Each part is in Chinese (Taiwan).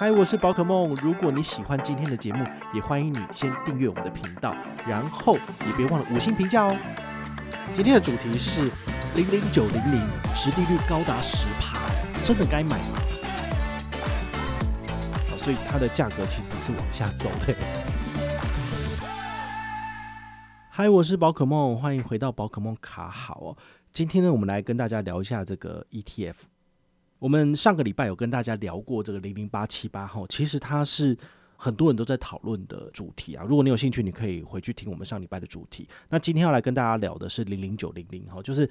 嗨，Hi, 我是寶可孟。如果你喜歡今天的節目，也歡迎你先訂閱我們的頻道，然後也別忘了五星評價哦。今天的主題是零零九零零，殖利率高達十趴，真的該買嗎？好，所以它的價格其實是往下走的。嗨，我是寶可孟，歡迎回到寶可孟卡好哦。今天呢，我們來跟大家聊一下這個 ETF。我們上個禮拜有跟大家聊過這個零零八七八號，其實它是很多人都在討論的主題啊。如果你有興趣，你可以回去聽我們上禮拜的主題。那今天要來跟大家聊的是零零九零零哈，就是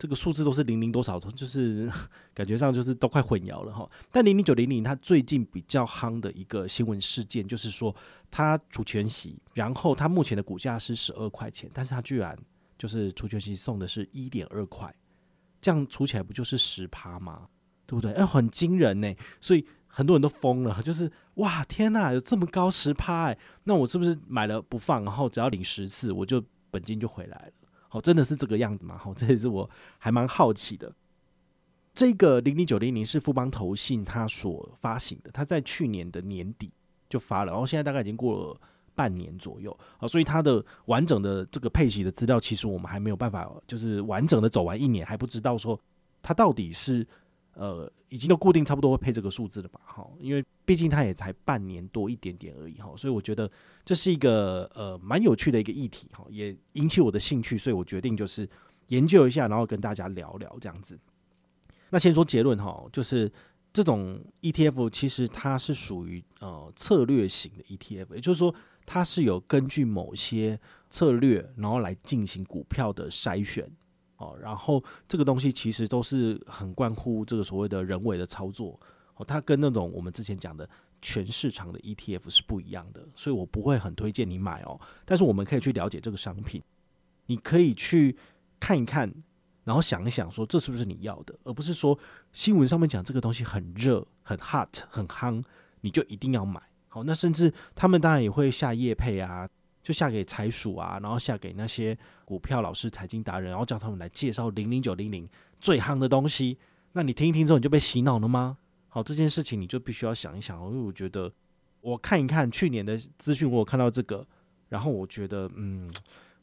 這個數字都是零零多少，就是感覺上就是都快混淆了哈。但零零九零零它最近比較夯的一個新聞事件就是說它除權息，然後它目前的股價是十二塊錢，但是它居然就是除權息送的是一點二塊，這樣除起來不就是十趴嗎？對不對？哎、欸，很驚人呢，所以很多人都瘋了，就是哇，天哪，有這麼高十趴。哎！那我是不是買了不放，然後只要領十次，我就本金就回來了？好、哦，真的是這個樣子嗎？好、哦，這也是我還蠻好奇的。這個零零九零零是富邦投信他所發行的，他在去年的年底就發了，然後現在大概已經過了半年左右好、哦，所以它的完整的這個配息的資料，其實我們還沒有辦法，就是完整的走完一年，還不知道說它到底是。呃，已經都固定差不多會配這個數字了吧，哈，因為畢竟它也才半年多一點點而已，哈，所以我覺得這是一個呃蠻有趣的一個議題，哈，也引起我的興趣，所以我決定就是研究一下，然後跟大家聊聊這樣子。那先說結論哈，就是這種 ETF 其實它是屬於呃策略型的 ETF，也就是說它是有根據某些策略，然後來進行股票的篩選。哦，然後這個東西其實都是很關乎這個所謂的人為的操作哦，它跟那種我們之前講的全市場的 ETF 是不一樣的，所以我不會很推薦你買哦。但是我們可以去了解這個商品，你可以去看一看，然後想一想，說這是不是你要的，而不是說新聞上面講這個東西很熱、很 hot、很夯，你就一定要買。好，哦，那甚至他們當然也會下業配啊。就下給財叔啊，然後下給那些股票老師、財經達人，然後叫他們來介紹零零九零零最夯的東西。那你聽一聽之後，你就被洗腦了嗎？好，這件事情你就必須要想一想，因為我覺得我看一看去年的資訊，我有看到這個，然後我覺得嗯，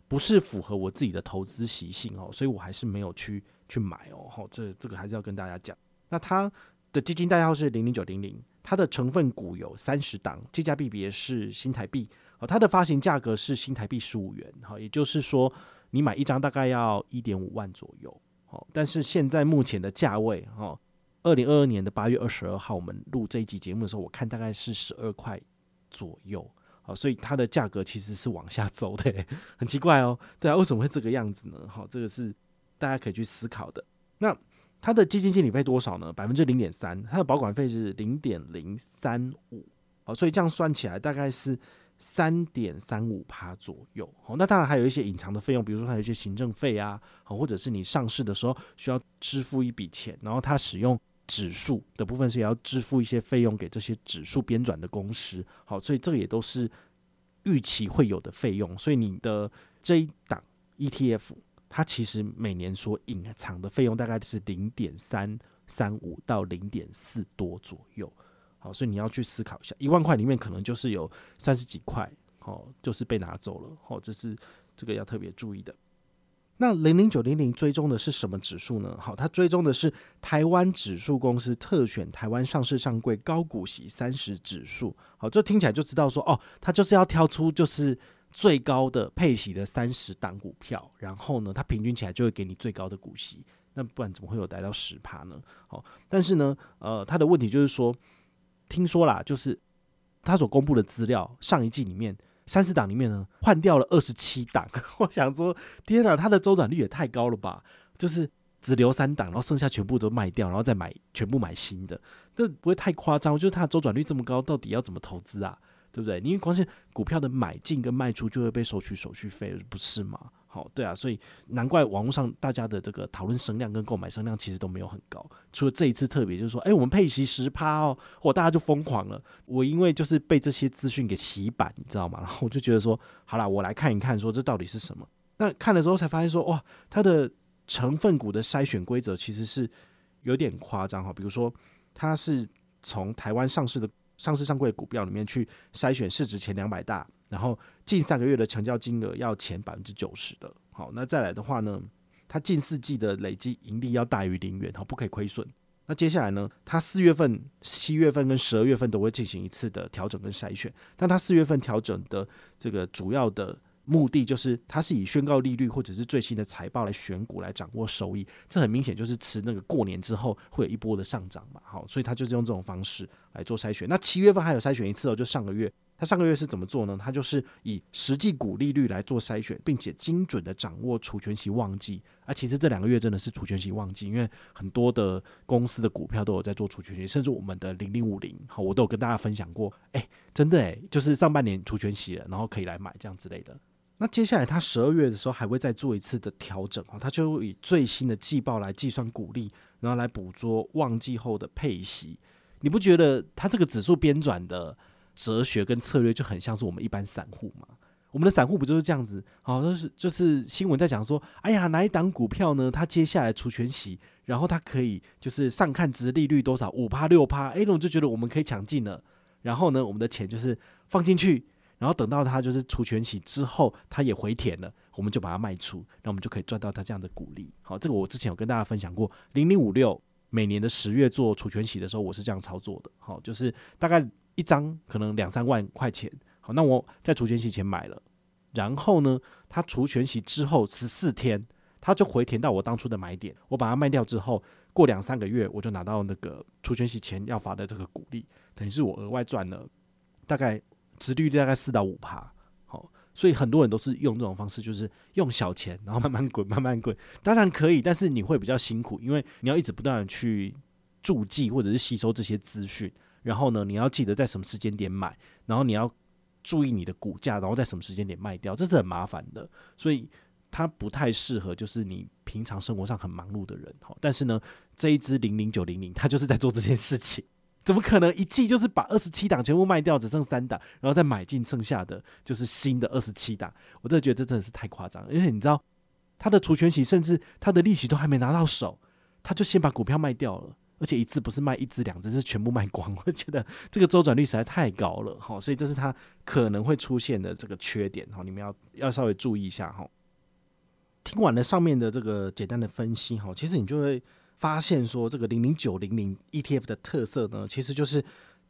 不是符合我自己的投資習性哦，所以我還是沒有去去買哦。好，這這個還是要跟大家講。那它的基金代號是零零九零零，它的成分股有三十檔，計價幣別是新台幣。好，它的發行價格是新台幣十五元，好，也就是說你買一張大概要一點五萬左右，好，但是現在目前的價位，哈，二零二二年的八月二十二號，我們錄這一集節目的時候，我看大概是十二塊左右，好，所以它的價格其實是往下走的，很奇怪哦，對啊，為什麼會這個樣子呢？好，這個是大家可以去思考的。那它的基金經理費多少呢？百分之零點三，它的保管費是零點零三五，好，所以這樣算起來大概是。三點三五趴左右，好，那當然還有一些隱藏的費用，比如說它有一些行政費啊，好，或者是你上市的時候需要支付一筆錢，然後它使用指數的部分是也要支付一些費用給這些指數編纂的公司，好，所以這個也都是預期會有的費用，所以你的這一檔 ETF 它其實每年所隱藏的費用大概是零點三三五到零點四多左右。好，所以你要去思考一下，一萬塊裡面可能就是有三十幾塊，好、哦，就是被拿走了，好、哦，這是這個要特別注意的。那零零九零零追蹤的是什麼指數呢？好、哦，它追蹤的是台灣指數公司特選台灣上市上櫃高股息三十指數。好，這聽起來就知道說，哦，它就是要挑出就是最高的配息的三十檔股票，然後呢，它平均起來就會給你最高的股息。那不然怎麼會有達到十趴呢？好、哦，但是呢，呃，它的問題就是說。聽說啦，就是他所公布的資料，上一季裡面三十檔裡面呢，換掉了二十七檔。我想說，天哪，他的周轉率也太高了吧？就是只留三檔，然後剩下全部都賣掉，然後再買全部買新的，這不會太誇張？就是他的周轉率這麼高，到底要怎麼投資啊？對不對？因為光是股票的買進跟賣出就會被收取手續費，不是嗎？好、哦，對啊，所以難怪網絡上大家的這個討論聲量跟購買聲量其實都沒有很高，除了這一次特別，就是說，哎、欸，我們配息十趴哦，哇，大家就瘋狂了。我因為就是被這些資訊給洗版，你知道嗎？然後我就覺得說，好啦，我來看一看，說這到底是什麼？那看了之後才發現說，哇，它的成分股的篩選規則其實是有點誇張哈。比如說，它是從台灣上市的上市上櫃的股票裡面去篩選市值前兩百大，然後。近三個月的成交金額要前百分之九十的。好，那再來的話呢，它近四季的累計盈利要大於零元，好，不可以虧損。那接下來呢，它四月份、七月份跟十二月份都會進行一次的調整跟篩選，但它四月份調整的這個主要的目的就是，它是以宣告利率或者是最新的財報來選股來掌握收益，這很明顯就是吃那個過年之後會有一波的上漲嘛，好，所以它就是用這種方式來做篩選。那七月份還有篩選一次哦，就上個月。他上個月是怎麼做呢？他就是以實際股利率來做篩選，並且精準的掌握除權息旺季。啊，其實這兩個月真的是除權息旺季，因為很多的公司的股票都有在做除權息，甚至我們的零零五零，好，我都有跟大家分享過。哎、欸，真的誒、欸，就是上半年除權息了，然後可以來買這樣之類的。那接下來他十二月的時候還會再做一次的調整啊，他就以最新的季報來計算股利，然後來捕捉旺季後的配息。你不覺得他這個指數編纂的？哲學跟策略就很像是我們一般散戶嘛。我們的散戶不就是這樣子？好、哦，就是就是新聞在講說，哎呀，哪一檔股票呢？它接下來除權息，然後它可以就是上看殖利率多少，五趴六趴，哎，誒那我就覺得我們可以搶進了。然後呢，我們的錢就是放進去，然後等到它就是除權息之後，它也回填了，我們就把它賣出，那我們就可以賺到它這樣的股利。好、哦，這個我之前有跟大家分享過，零零五六每年的十月做除權息的時候，我是這樣操作的。好、哦，就是大概。一張可能兩三萬塊錢，好，那我在除權息前買了，然後呢，它除權息之後十四天，它就回填到我當初的買點，我把它賣掉之後，過兩三個月我就拿到那個除權息前要發的這個股利，等於是我額外賺了大概殖利率大概四到五趴，好，所以很多人都是用這種方式，就是用小錢然後慢慢滾，慢慢滾，當然可以，但是你會比較辛苦，因為你要一直不斷地去注記或者是吸收這些資訊。然後呢，你要記得在什麼時間點買，然後你要注意你的股價，然後在什麼時間點賣掉，這是很麻煩的，所以它不太適合就是你平常生活上很忙碌的人。但是呢，這一支零零九零零，它就是在做這件事情，怎麼可能一季就是把二十七檔全部賣掉，只剩三檔，然後再買進剩下的就是新的二十七檔？我真的覺得這真的是太誇張了，因為你知道它的除權息，甚至它的利息都還沒拿到手，他就先把股票賣掉了。而且一次不是賣一支兩支，是全部賣光。我覺得這個週轉率實在太高了哈，所以這是它可能會出現的這個缺點哈。你們要要稍微注意一下哈。聽完了上面的這個簡單的分析哈，其實你就會發現說，這個00900 ETF 的特色呢，其實就是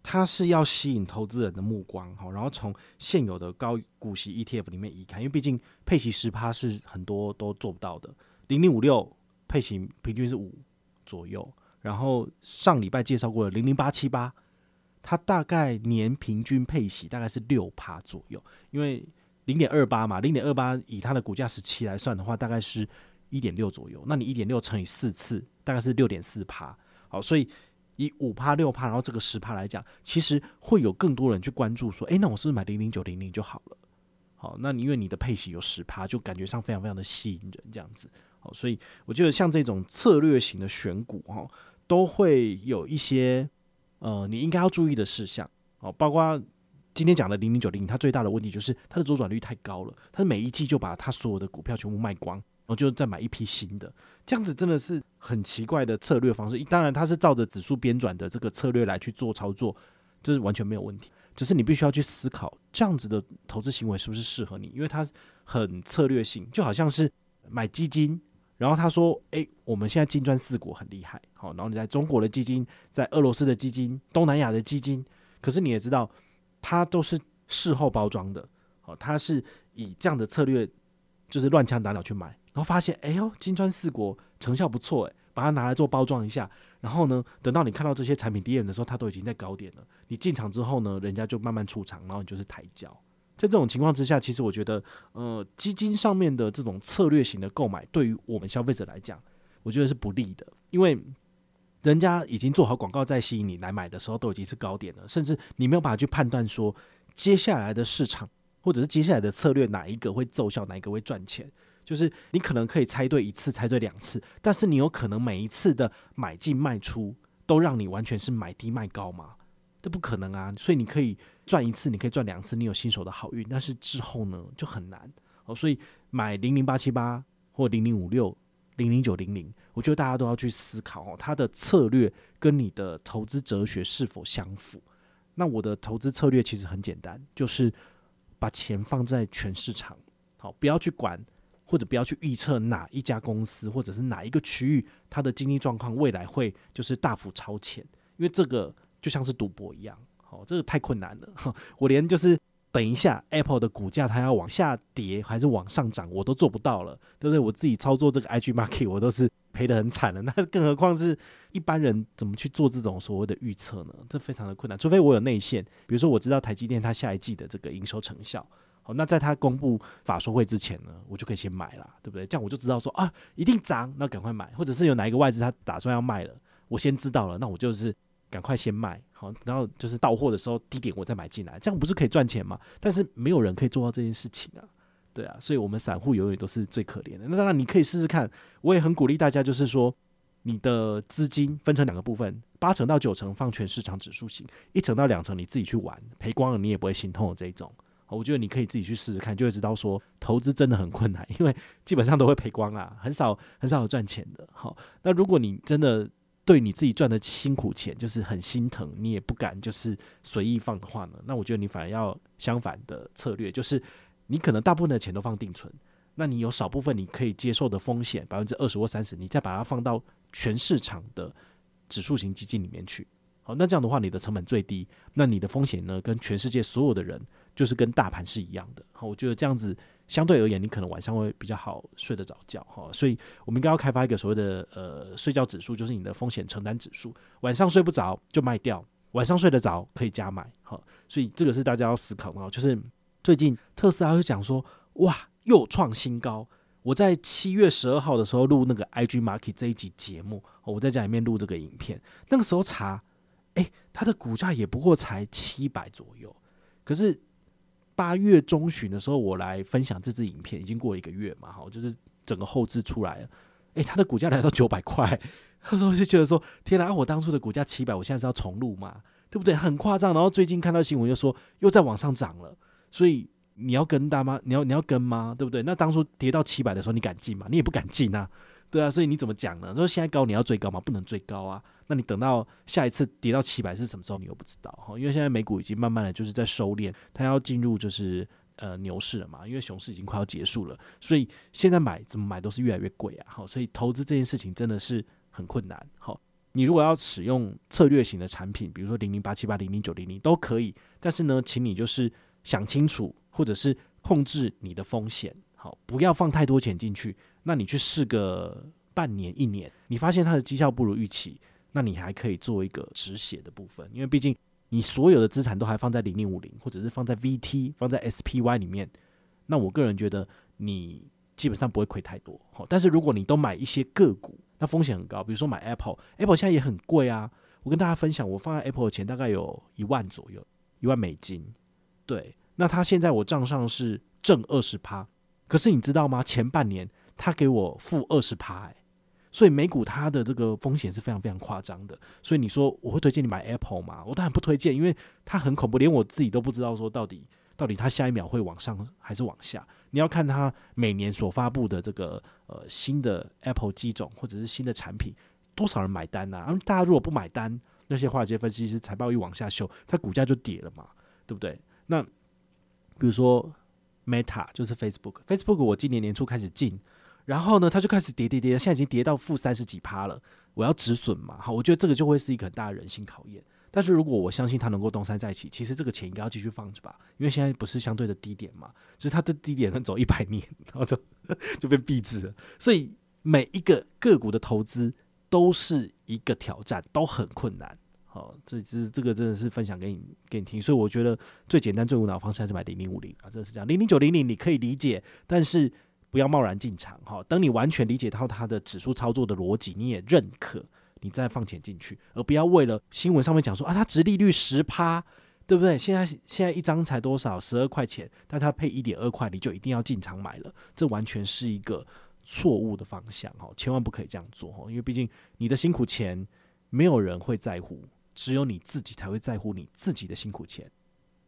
它是要吸引投資人的目光哈。然後從現有的高股息 ETF 裡面移開，因為畢竟配息十趴是很多都做不到的，0056配息平均是五左右。然後上禮拜介紹過的零零八七八，它大概年平均配息大概是六趴左右，因為零點二八嘛，零點二八以它的股價十七來算的話，大概是一點六左右。那你一點六乘以四次，大概是六點四趴。好，所以以五趴六趴，然後這個十趴來講，其實會有更多人去關注說，誒，那我是不是買零零九零零就好了？好，那你因為你的配息有十趴，就感覺上非常非常的吸引人，這樣子。好，所以我覺得像這種策略型的選股，哦都會有一些，呃，你應該要注意的事項哦，包括今天講的零零九零零，它最大的問題就是它的周轉率太高了，它每一季就把它所有的股票全部賣光，然後就再買一批新的，這樣子真的是很奇怪的策略方式。當然，它是照着指數編轉的這個策略來去做操作，這、就是完全沒有問題。只是你必須要去思考，這樣子的投資行為是不是適合你，因為它很策略性，就好像是買基金。然後他說：“哎、欸，我們現在金磚四國很厲害，好、哦，然後你在中國的基金，在俄羅斯的基金，東南亞的基金，可是你也知道，他都是事後包裝的，好、哦，他是以這樣的策略，就是亂槍打鳥去買，然後發現，哎呦，金磚四國成效不錯，誒，把它拿來做包裝一下，然後呢，等到你看到這些產品第一眼的時候，它都已經在高點了，你進場之後呢，人家就慢慢出場，然後你就是抬轎。”在這種情況之下，其實我覺得，呃，基金上面的這種策略型的購買，對於我們消費者來講，我覺得是不利的，因為人家已經做好廣告在吸引你來買的時候，都已經是高點了，甚至你沒有辦法去判斷說接下來的市場或者是接下來的策略哪一個會奏效，哪一個會賺錢，就是你可能可以猜對一次，猜對兩次，但是你有可能每一次的買進賣出都讓你完全是買低賣高嗎？這不可能啊！所以你可以賺一次，你可以賺兩次，你有新手的好運，但是之後呢，就很難哦。所以買零零八七八或零零五六零零九零零，900，我覺得大家都要去思考哦，它的策略跟你的投資哲學是否相符？那我的投資策略其實很簡單，就是把錢放在全市場，好，不要去管或者不要去預測哪一家公司或者是哪一個區域，它的經濟狀況未來會就是大幅超前，因為這個。就像是賭博一樣，哦，這個太困難了。我連就是等一下，Apple 的股價它要往下跌還是往上漲，我都做不到了。對不對？我自己操作這個 IG Market，我都是賠得很慘的。那更何況是一般人怎麼去做這種所謂的預測呢？這非常的困難，除非我有內線，比如說我知道台積電它下一季的這個營收成效，好，那在它公布法說會之前呢，我就可以先買了，對不對？這樣我就知道說啊，一定漲，那趕快買，或者是有哪一個外資他打算要賣了，我先知道了，那我就是。趕快先賣，好，然後就是到貨的時候低點我再買進來，這樣不是可以賺錢嗎？但是沒有人可以做到這件事情啊，對啊，所以我們散戶永遠都是最可憐的。那當然你可以試試看，我也很鼓勵大家，就是說你的資金分成兩個部分，八成到九成放全市場指數型，一成到兩成你自己去玩，賠光了你也不會心痛的這一種。我覺得你可以自己去試試看，就會知道說投資真的很困難，因為基本上都會賠光啊，很少很少有賺錢的。好，那如果你真的，對你自己賺的辛苦錢，就是很心疼，你也不敢就是隨意放的話呢，那我覺得你反而要相反的策略，就是你可能大部分的錢都放定存，那你有少部分你可以接受的風險百分之二十或三十，你再把它放到全市場的指數型基金裡面去，好，那這樣的話你的成本最低，那你的風險呢，跟全世界所有的人就是跟大盤是一樣的，好，我覺得這樣子，相對而言，你可能晚上會比較好睡得着覺哈，所以我們應該要開發一個所謂的呃睡覺指數，就是你的風險承擔指數。晚上睡不着就賣掉，晚上睡得着可以加買哈。所以這個是大家要思考的，就是最近特斯拉又講說，哇，又創新高。我在七月十二號的時候錄那個 IG Market 這一集節目，我在家裡面錄這個影片，那個時候查，誒、欸，它的股價也不過才七百左右，可是。八月中旬的時候，我來分享這支影片，已經過了一個月嘛，好，我就是整個後製出來了。誒、欸，它的股價來到九百塊，他說：‘我就覺得說：“天哪、啊，我當初的股價七百，我現在是要重錄嘛，對不對？很誇張。”然後最近看到新聞，又說又在往上漲了，所以你要跟單嗎？你要你要跟嗎？對不對？那當初跌到七百的時候，你敢進嗎？你也不敢進啊，對啊。所以你怎麼講呢？說現在高你要追高嗎？不能追高啊。那你等到下一次跌到七百是什麼時候，你又不知道哈？因為現在美股已經慢慢的就是在收斂，它要進入就是呃牛市了嘛，因為熊市已經快要結束了，所以現在買怎麼買都是越來越貴啊！好，所以投資這件事情真的是很困難。好，你如果要使用策略型的產品，比如說零零八七八、零零九零零都可以，但是呢，請你就是想清楚，或者是控制你的風險，好，不要放太多錢進去。那你去試個半年、一年，你發現它的績效不如預期。那你還可以做一個止血的部分，因為畢竟你所有的資產都還放在零零五零或者是放在 VT、放在 SPY 裡面，那我個人覺得你基本上不會虧太多。好，但是如果你都買一些個股，那風險很高。比如說買 Apple，Apple 現在也很貴啊。我跟大家分享，我放在 Apple 的錢大概有一萬左右，一萬美金。對，那它現在我賬上是正二十趴，可是你知道嗎？前半年它給我負二十趴哎。所以美股它的這個風險是非常非常誇張的。所以你說我會推薦你買 Apple 嗎？我當然不推薦，因為它很恐怖，連我自己都不知道說到底到底它下一秒會往上還是往下。你要看它每年所發布的這個呃新的 Apple 機種或者是新的產品，多少人買單啊？然後大家如果不買單，那些華爾街分析師財報一往下修，它股價就跌了嘛，對不對？那比如說 Meta 就是 Facebook，Facebook face 我今年年初開始進。然後呢，它就開始跌跌跌，現在已經跌到負三十幾趴了。我要止損嘛？好，我覺得這個就會是一個很大的人性考驗。但是如果我相信它能夠東山再起，其實這個錢應該要繼續放着吧，因為現在不是相對的低點嘛。就是它的低點能走一百年，然後就 就被斃之了。所以每一個個股的投資都是一個挑戰，都很困難。好、哦，這這這個真的是分享給你，給你聽。所以我覺得最簡單、最無腦的方式還是買零零五零啊，真的是這樣。零零九零零你可以理解，但是。不要貿然進場哈，等你完全理解到它的指數操作的邏輯，你也認可，你再放錢進去，而不要為了新聞上面講說啊，它殖利率十趴，對不對？現在現在一張才多少，十二塊錢，但它配一點二塊，你就一定要進場買了，這完全是一個錯誤的方向哈，千萬不可以這樣做哈，因為畢竟你的辛苦錢沒有人會在乎，只有你自己才會在乎你自己的辛苦錢。